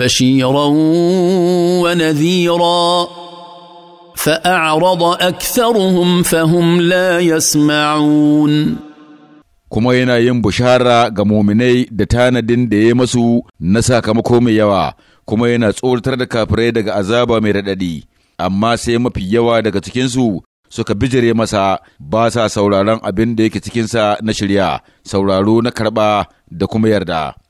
بشيرا ونذيرا فأعرض أكثرهم فهم لا يسمعون kuma yana yin bushara ga muminai da tanadin da ya yi masu na sakamako mai yawa kuma yana tsoratar da kafirai daga azaba mai raɗaɗi amma sai mafi yawa daga cikinsu suka bijire masa ba sa sauraron abinda da yake cikinsa na shirya sauraro na karɓa da kuma yarda